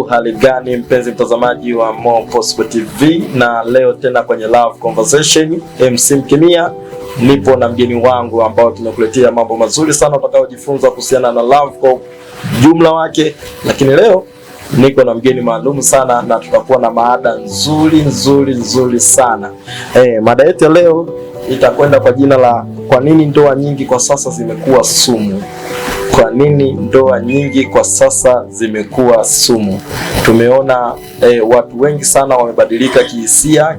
hali gani mpenzi mtazamaji wa Mo Posco TV, na leo tena kwenye Love Conversation MC Mkimia, nipo na mgeni wangu ambao tumekuletea mambo mazuri sana utakayojifunza kuhusiana na love kwa jumla wake, lakini leo niko na mgeni maalum sana na tutakuwa na maada nzuri nzuri nzuri sana. E, mada yetu leo itakwenda kwa jina la kwa nini ndoa nyingi kwa sasa zimekuwa sumu nini, ndoa nyingi kwa sasa zimekuwa sumu. Tumeona eh, watu wengi sana wamebadilika kihisia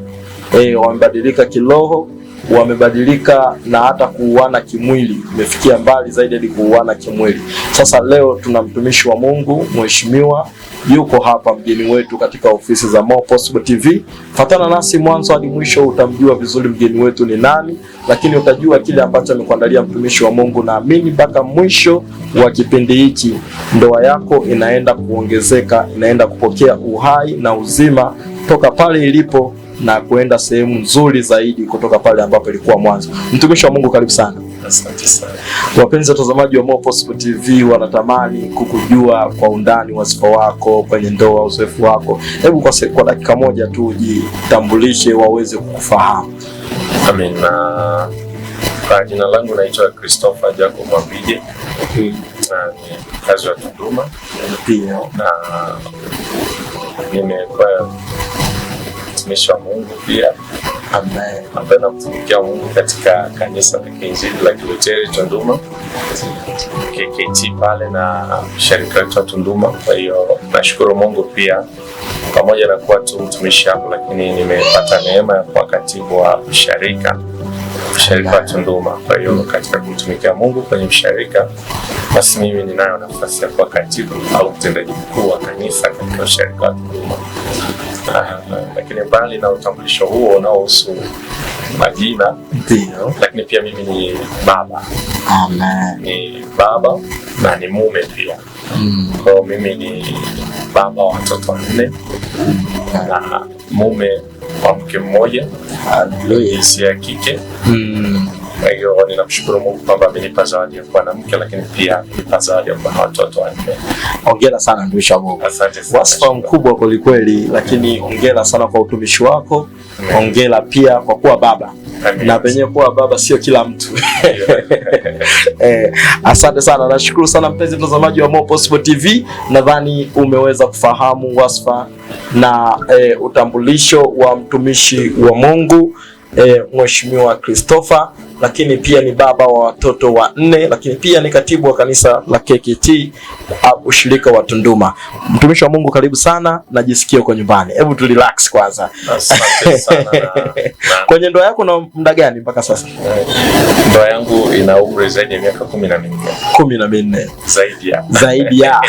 eh, wamebadilika kiroho wamebadilika na hata kuuana kimwili, imefikia mbali zaidi hadi kuuana kimwili. Sasa leo tuna mtumishi wa Mungu mheshimiwa yuko hapa mgeni wetu katika ofisi za More Possible TV. Fatana nasi mwanzo hadi mwisho, utamjua vizuri mgeni wetu ni nani, lakini utajua kile ambacho amekuandalia mtumishi wa Mungu. Naamini mpaka mwisho wa kipindi hiki ndoa yako inaenda kuongezeka, inaenda kupokea uhai na uzima toka pale ilipo na kuenda sehemu nzuri zaidi kutoka pale ambapo ilikuwa mwanzo. Mtumishi wa Mungu, karibu sana. Asante sana. Wapenzi watazamaji wa Mopossible TV wanatamani kukujua kwa undani wasifa wako kwenye ndoa, uzoefu wako. Hebu kwa, kwa dakika moja tu jitambulishe waweze kukufahamu. Amen. Kwa jina langu naitwa Christopher Jacob Mwambije. Hmm. Na ni mkazi wa Tunduma. Pia. Na nimekuwa mtumishi wa Mungu pia ambaye anapenda kutumikia Mungu katika kanisa la Kiinjili la Kilutheri Tunduma KKT pale na shirika wetu la Tunduma. Kwa hiyo nashukuru Mungu pia, pamoja na kuwa tu mtumishi hapo, lakini nimepata neema ya kuwa katibu wa sharika sharika wa Tunduma. Kwa hiyo katika kumtumikia Mungu kwenye msharika, basi mimi ninayo nafasi ya kuwa katibu au mtendaji mkuu wa kanisa katika usharika wa Tunduma. Lakini mbali na utambulisho huo unaohusu majina, lakini pia mimi ni baba, ni baba na ni mume pia. Mm. Kwa hiyo mimi ni baba wa watoto wanne na mume wa mke mmoja jinsia ya kike. Mm. Kwa hiyo ninamshukuru Mungu kwamba amenipa zawadi ya kuwa na mke, lakini pia amenipa zawadi ya kuwa na watoto wanne. Hongera sana ndugu Shabu. Asante sana. wasifa mkubwa kweli, lakini hongera sana kwa utumishi wako, hongera pia kwa kuwa baba na penye kuwa baba sio kila mtu. Eh, asante sana, nashukuru sana mpenzi mtazamaji wa Mopossible TV, nadhani umeweza kufahamu wasifa na eh, utambulisho wa mtumishi wa Mungu eh, Mheshimiwa Christopher lakini pia ni baba wa watoto wa nne, lakini pia ni katibu wa kanisa la KKT ushirika wa Tunduma. Mtumishi wa Mungu, karibu sana, najisikia uko nyumbani. Hebu tu relax kwanza. Asante sana Kwenye ndoa yako na muda gani mpaka sasa? Ndoa yangu ina umri zaidi ya miaka kumi na minne. Kumi na minne zaidi ya zaidi ya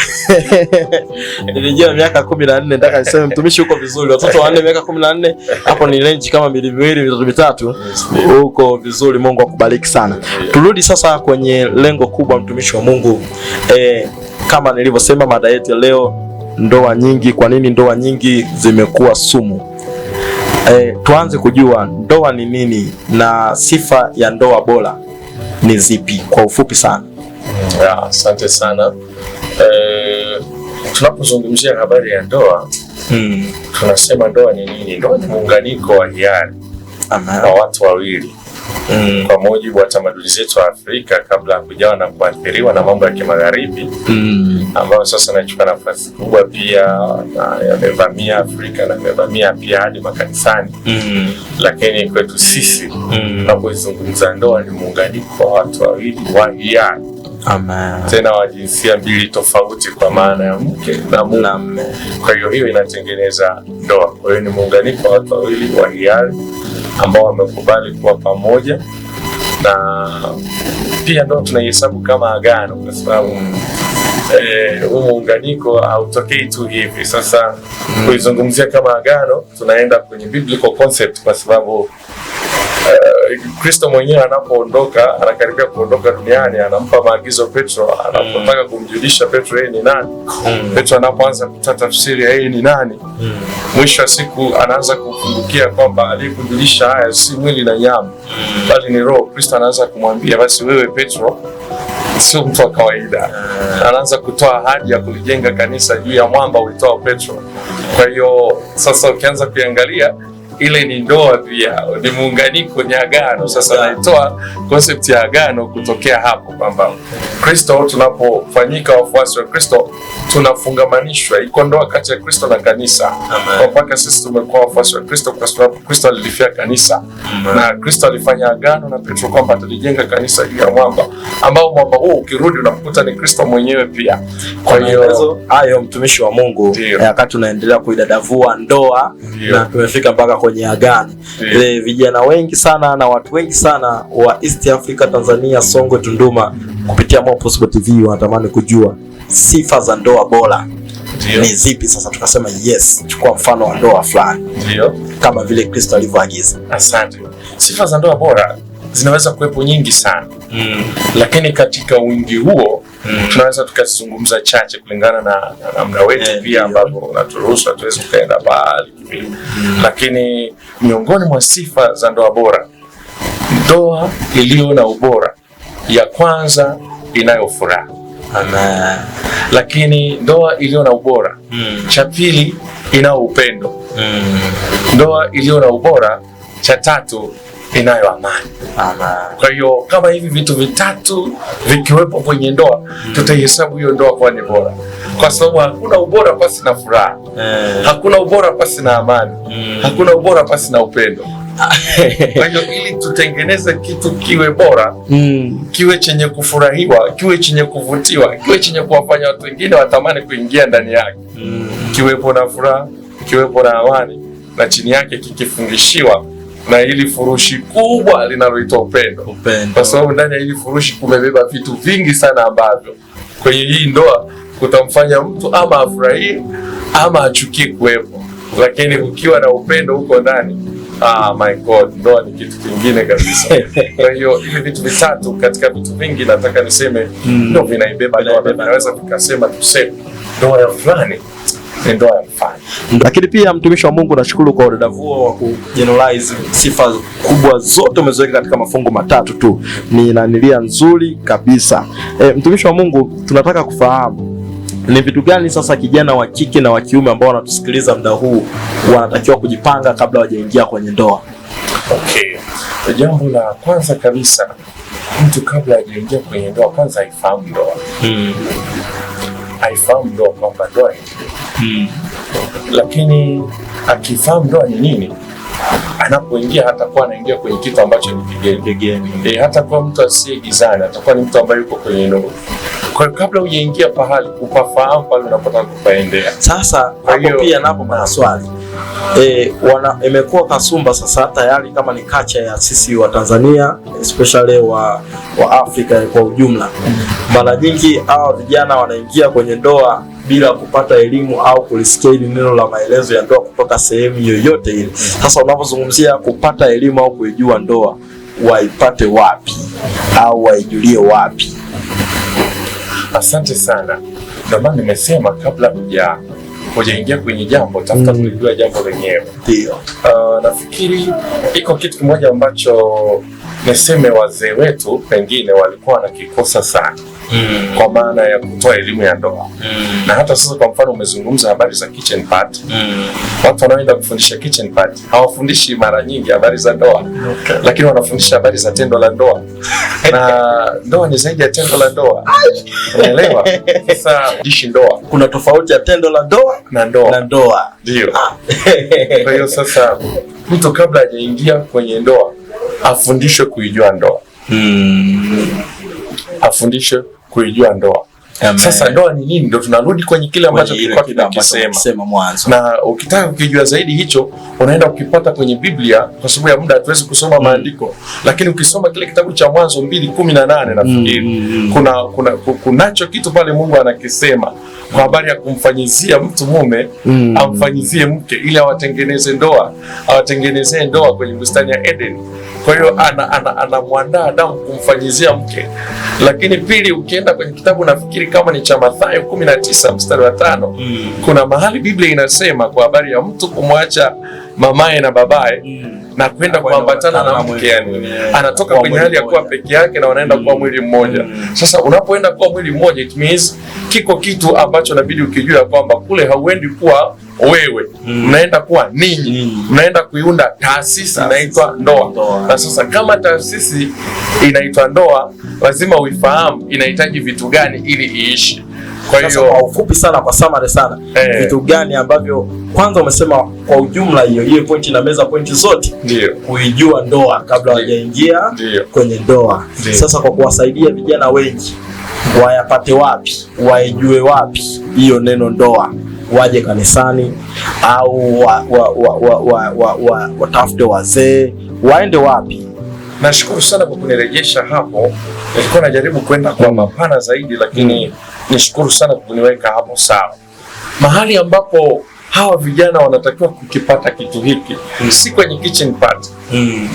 nilijua miaka kumi na nne. Nataka niseme mtumishi, uko vizuri, watoto wanne, miaka kumi na nne, hapo ni range kama milimili mitatu mitatu, uko vizuri Mungu akubariki sana. Turudi sasa kwenye lengo kubwa, mtumishi wa Mungu. E, kama nilivyosema mada yetu ya leo, ndoa nyingi. Kwa nini ndoa nyingi zimekuwa sumu? E, tuanze kujua ndoa ni nini na sifa ya ndoa bora ni zipi, kwa ufupi sana. Asante sana. E, tunapozungumzia habari ya ndoa mm, tunasema ndoa ni nini? Ndoa ni muunganiko wa hiari wa watu wawili mm. kwa mujibu wa tamaduni zetu wa Afrika kabla ya kujawa na kuathiriwa na mambo ya kimagharibi mm. ambayo sasa inachukua nafasi kubwa pia na yamevamia Afrika na yamevamia pia hadi makanisani mm. lakini kwetu sisi tunapoizungumza mm. ndoa ni muunganiko wa watu wawili wa hiari Amen. Tena wa jinsia mbili tofauti kwa maana ya mke na mume. Kwa hiyo hiyo inatengeneza ndoa. Kwa hiyo ni muunganiko wa watu wawili wa hiari ambao wamekubali kuwa pamoja na pia ndo tunaihesabu kama agano, kwa sababu eh, huu e, muunganiko hautokei tu hivi. Sasa kuizungumzia kama agano, tunaenda kwenye biblical concept kwa sababu Kristo mwenyewe anapoondoka, anakaribia kuondoka duniani, anampa maagizo Petro, anapotaka mm. kumjulisha Petro yeye ni nani mm. Petro anapoanza kutoa tafsiri yeye ni nani mm. mwisho wa siku anaanza kufundukia kwamba aliyekujulisha haya si mwili na nyama mm. bali ni Roho. Kristo anaanza kumwambia basi, wewe Petro sio mtu wa kawaida. Mm. Anaanza kutoa ahadi ya kulijenga kanisa juu ya mwamba uitwao Petro. Kwa hiyo sasa ukianza kuangalia ile ni ndoa pia, ni muunganiko, ni agano. Sasa naitoa concept ya agano kutokea hapo kwamba Kristo, tunapofanyika wafuasi wa Kristo tunafungamanishwa, iko ndoa kati ya Kristo na kanisa, kwa mpaka sisi tumekuwa wafuasi wa Kristo kwa sababu Kristo alilifia kanisa Amen. na Kristo alifanya agano na Petro kwamba atalijenga kanisa juu ya mwamba ambao mwamba huu ukirudi unakuta ni Kristo mwenyewe pia. Kwa hiyo hayo, mtumishi wa Mungu, eh, wakati tunaendelea kuidadavua ndoa na tumefika mpaka kwenye agani yeah. E, eh, vijana wengi sana na watu wengi sana wa East Africa, Tanzania, Songwe, Tunduma kupitia Mopossible TV wanatamani kujua sifa za ndoa bora ni zipi? Sasa tukasema yes, chukua mfano wa ndoa fulani, kama vile Kristo alivyoagiza. Asante. Sifa za ndoa bora zinaweza kuwepo nyingi sana mm. Lakini katika wingi huo mm. tunaweza tukazizungumza chache kulingana na namna wetu yeah, pia ambavyo unaturuhusu hatuwezi tukaenda mbali kivile mm. Lakini miongoni mwa sifa za ndoa bora, ndoa iliyo na ubora, ya kwanza inayo furaha Lakini ndoa iliyo na ubora mm. cha pili inao upendo mm. Ndoa iliyo na ubora cha tatu inayo amani. Kwa hiyo kama hivi vitu vitatu vikiwepo kwenye ndoa, mm. tutaihesabu hiyo ndoa kuwa ni bora, kwa sababu hakuna ubora pasi na furaha mm. Hakuna ubora pasi na amani mm. Hakuna ubora pasi na upendo kwa hiyo ili tutengeneze kitu kiwe bora mm. kiwe chenye kufurahiwa, kiwe chenye kuvutiwa, kiwe chenye kuwafanya watu wengine watamani kuingia ndani yake mm. kiwepo na furaha, kiwepo na amani, na chini yake kikifungishiwa na hili furushi kubwa linaloitwa upendo. Upendo, kwa sababu ndani ya hili furushi kumebeba vitu vingi sana ambavyo kwenye hii ndoa kutamfanya mtu ama afurahie ama achukie kuwepo, lakini ukiwa na upendo huko ndani Ah, my God, ndoa ni kitu kingine kabisa. Kwa hiyo hivi vitu vitatu katika vitu vingi nataka niseme mm. ndio, vinaibeba ndoa, Naweza vikasema tuseme ndoa ya fulani ndoa ya mfano. Lakini pia mtumishi wa Mungu, nashukuru kwa udadavuo wa generalize sifa kubwa zote umeziweka katika mafungu matatu tu, ni nanilia nzuri kabisa. E, mtumishi wa Mungu, tunataka kufahamu ni vitu gani sasa kijana wa kike na wa kiume ambao wanatusikiliza muda huu wanatakiwa kujipanga kabla hawajaingia kwenye ndoa? Okay. Jambo la kwanza kabisa, mtu kabla hajaingia kwenye ndoa kwanza aifahamu ndoa. Mm. Aifahamu ndoa kwamba ndoa lakini akifahamu ndoa ni nini, anapoingia hatakuwa anaingia kwenye kitu ambacho ni kigeni. E, hatakuwa mtu asiye gizani, atakuwa ni mtu ambaye yuko kwenye ndoa. Kwa hiyo kabla hujaingia pahali, upafahamu pale unapotaka kupaendea. Sasa hapo pia napo pana swali E, wana imekuwa kasumba sasa tayari kama ni kacha ya sisi wa Tanzania especially wa, wa Afrika kwa ujumla. Mara nyingi hawa vijana wanaingia kwenye ndoa bila kupata elimu au kulisikia hili neno la maelezo ya ndoa kutoka sehemu yoyote ile. Sasa unapozungumzia kupata elimu au kuijua ndoa, waipate wapi au waijulie wapi? Asante sana. Ndio maana nimesema kabla ya hujaingia kwenye jambo, tafuta mm. kulijua jambo lenyewe. Ndio. Uh, nafikiri iko kitu kimoja ambacho niseme wazee wetu pengine walikuwa wanakikosa sana mm. kwa maana ya kutoa elimu ya ndoa mm. na hata sasa, kwa mfano umezungumza habari za kitchen party mm. watu wanaoenda kufundisha kitchen party hawafundishi mara nyingi habari za ndoa okay. Lakini wanafundisha habari za tendo la ndoa na ndoa ni zaidi ya tendo la ndoa, unaelewa? Sasa dishi ndoa, kuna tofauti ya tendo la ndoa na ndoa na ndoa, ndio ah. kwa hiyo sasa mtu kabla hajaingia kwenye ndoa afundishwe kuijua ndoa mm. afundishwe kuijua ndoa. Amen. Sasa ndoa ni nini? Ndio tunarudi kwenye kile ambacho tulikuwa tunakisema mwanzo, na ukitaka kukijua zaidi hicho unaenda ukipata kwenye Biblia. Kwa sababu ya muda hatuwezi kusoma mm. maandiko, lakini ukisoma kile kitabu cha Mwanzo mbili kumi na nane nafikiri mm. kuna, kuna, kunacho kitu pale Mungu anakisema kwa habari ya kumfanyizia mtu mume mm. amfanyizie mke ili awatengeneze ndoa awatengenezee ndoa kwenye bustani ya Eden kwa hiyo anamwandaa ana, ana Adamu kumfanyizia mke. Lakini pili, ukienda kwenye kitabu nafikiri kama ni cha Mathayo kumi na tisa mstari wa tano mm. kuna mahali Biblia inasema kwa habari ya mtu kumwacha mamaye na babaye mm na kwenda kuambatana na mke, yani anatoka kwenye hali ya kuwa peke yake na wanaenda kuwa mwili mmoja. Mm. Sasa unapoenda kuwa mwili mmoja, it means kiko kitu ambacho inabidi ukijua kwamba kule hauendi kuwa wewe mnaenda mm. kuwa ninyi mnaenda mm. kuiunda taasisi inaitwa ndoa. Na sasa kama taasisi inaitwa ndoa, lazima uifahamu inahitaji vitu gani ili iishi. Kwa hiyo kwa ufupi sana, kwa summary sana, eh. vitu gani ambavyo kwanza umesema kwa ujumla, hiyo hiyo pointi na meza pointi zote ndio kuijua ndoa kabla hawajaingia kwenye ndoa. Sasa kwa kuwasaidia vijana wengi wayapate wapi, waijue wapi hiyo neno ndoa, waje kanisani au watafute wa, wa, wa, wa, wa, wa wazee waende wapi? Nashukuru sana kwa kunirejesha hapo. Nilikuwa najaribu kwenda kwa mapana zaidi, lakini nishukuru sana kwa kuniweka hapo sawa, mahali ambapo hawa vijana wanatakiwa kukipata kitu hiki, si kwenye kitchen party. Mm.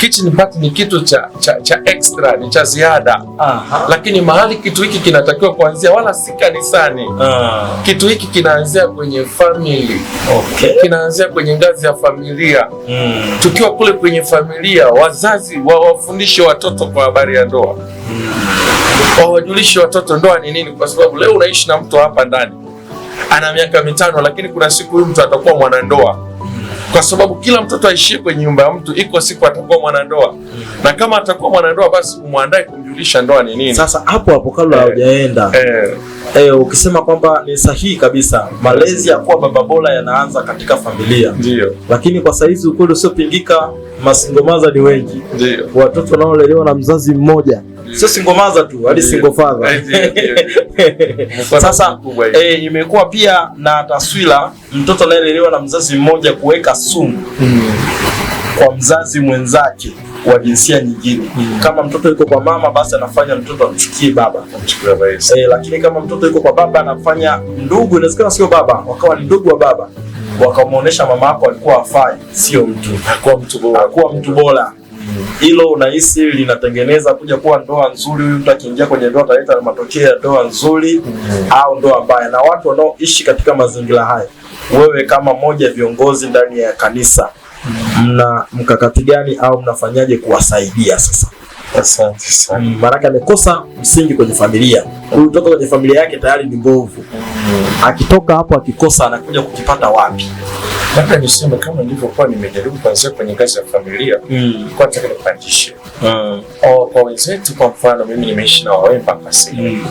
Kitchen party ni kitu cha, cha, cha extra, ni cha ziada. Aha. Lakini mahali kitu hiki kinatakiwa kuanzia, wala si kanisani. Ah. Kitu hiki kinaanzia kwenye family. Okay. Kinaanzia kwenye ngazi ya familia. Mm. Tukiwa kule kwenye familia, wazazi wawafundishe watoto kwa habari ya ndoa. Mm. Wawajulishe watoto ndoa ni nini, kwa sababu leo unaishi na mtu hapa ndani ana miaka mitano, lakini kuna siku huyu mtu atakuwa mwanandoa, kwa sababu kila mtoto aishie kwenye nyumba ya mtu, iko siku atakuwa mwanandoa, na kama atakuwa mwanandoa, basi umwandae kumjulisha ndoa ni nini. Sasa hapo hapo kabla eh. haujaenda eh, eh, ukisema kwamba ni sahihi kabisa, malezi ya kuwa baba bora yanaanza katika familia, ndio. Lakini kwa saizi ukweli usiopingika, masingomaza ni wengi, ndio watoto wanaolelewa na mzazi mmoja sio single mother tu, hadi single father. Sasa eh, imekuwa pia na taswira mtoto anayelelewa na mzazi mmoja kuweka sumu mm. kwa mzazi mwenzake wa jinsia nyingine mm. Kama mtoto yuko kwa mama, basi anafanya mtoto amchukie baba, E, lakini kama mtoto yuko kwa baba, anafanya ndugu, inawezekana sio baba, wakawa ndugu wa baba, mm. wakamwonyesha mama yako alikuwa afai, sio mtu, hakuwa mtu bora hilo unahisi linatengeneza kuja kuwa ndoa nzuri? Huyu mtu akiingia kwenye ndoa ataleta matokeo ya ndoa nzuri mm. au ndoa mbaya? Na watu wanaoishi katika mazingira haya, wewe kama moja viongozi ndani ya kanisa mna mm. mkakati gani au mnafanyaje kuwasaidia sasa? Asante sana. Mm, maanake amekosa msingi kwenye familia, huyu toka kwenye familia yake tayari ni mbovu mm akitoka hapo akikosa anakuja kukipata wapi? Labda niseme kama nilivyokuwa nimejaribu kuanzia kwenye ngazi ya familia mm. Nataka nipandishe mm. Kwa wenzetu, kwa mfano mimi nimeishi na Wawemba kasi mm.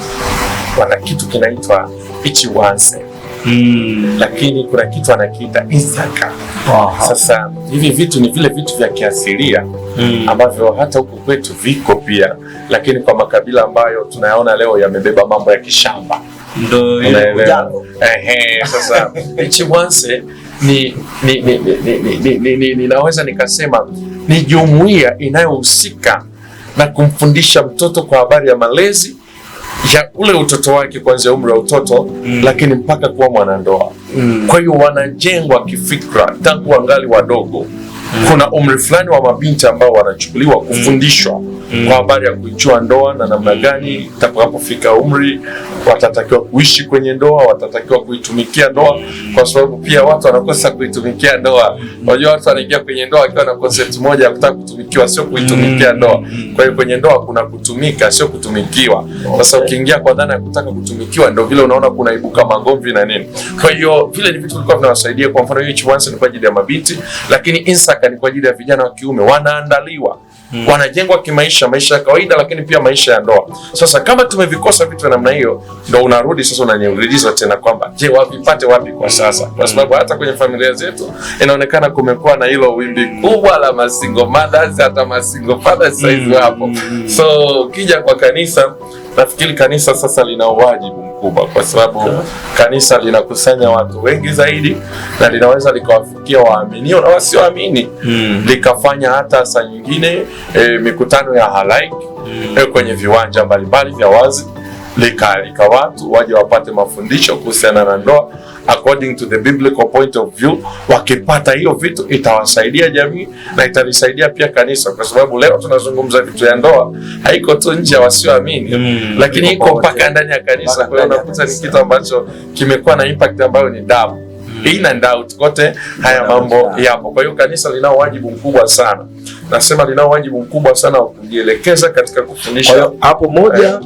Wana kitu kinaitwa Ichiwanze mm. Lakini kuna kitu anakiita Isaka. Aha. Sasa hivi vitu ni vile vitu vya kiasilia mm. ambavyo hata huku kwetu viko pia, lakini kwa makabila ambayo tunayaona leo yamebeba mambo ya kishamba ndo ehe. Sasa Chimwanse ni ninaweza nikasema ni jumuiya inayohusika na kumfundisha mtoto kwa habari ya malezi ya ule utoto wake kuanzia umri wa utoto mm. lakini mpaka kuwa mwanandoa mm. kwa hiyo wanajengwa kifikra tangu wangali wadogo. Mm. kuna umri fulani wa mabinti ambao wanachukuliwa mm. kufundishwa mm. kwa habari ya kuijua ndoa na namna mm. gani itakapofika umri watatakiwa kuishi kwenye ndoa, watatakiwa kuitumikia ndoa, kwa sababu pia watu wanakosa kuitumikia ndoa. Unajua, watu wanaingia kwenye ndoa akiwa na concept moja ya kutaka kutumikiwa, sio kuitumikia ndoa. Kwa hiyo kwenye ndoa kuna kutumika, sio kutumikiwa. Sasa ukiingia kwa dhana ya kutaka kutumikiwa, ndio vile unaona kunaibuka magomvi na nini. Kwa hiyo vile ni vitu vilikuwa vinawasaidia. Kwa mfano hiyo Chiwanse ni kwa ajili ya mabinti, lakini Insa Baraka ni kwa ajili ya vijana wa kiume, wanaandaliwa hmm. wanajengwa kimaisha, maisha ya kawaida, lakini pia maisha ya ndoa. Sasa kama tumevikosa vitu vya namna hiyo, ndo unarudi sasa unaniuliza tena kwamba je, wavipate wapi kwa sasa? Kwa sababu hmm. hata kwenye familia zetu inaonekana kumekuwa na hilo wimbi kubwa la masingo mothers, hata masingle fathers saizi wapo. Hmm. So ukija kwa kanisa, nafikiri kanisa sasa lina wajibu kubwa, kwa sababu kanisa linakusanya watu wengi zaidi na linaweza likawafikia waaminio na wasioamini mm. likafanya hata saa nyingine e, mikutano ya halaiki mm. e, kwenye viwanja mbalimbali vya wazi likaalika watu waje wapate mafundisho kuhusiana na ndoa according to the biblical point of view. Wakipata hiyo vitu itawasaidia jamii na italisaidia pia kanisa, kwa sababu leo tunazungumza vitu ya ndoa, haiko tu nje wasioamini mm, lakini iko mpaka ndani ya kanisa. Kwa hiyo unakuta ni kitu ambacho kimekuwa na impact ambayo ni damu mm. in and out kote haya mambo yapo. Kwa hiyo kanisa linao wajibu mkubwa sana, nasema linao wajibu mkubwa sana wa kujielekeza katika kufundisha hapo moja eh.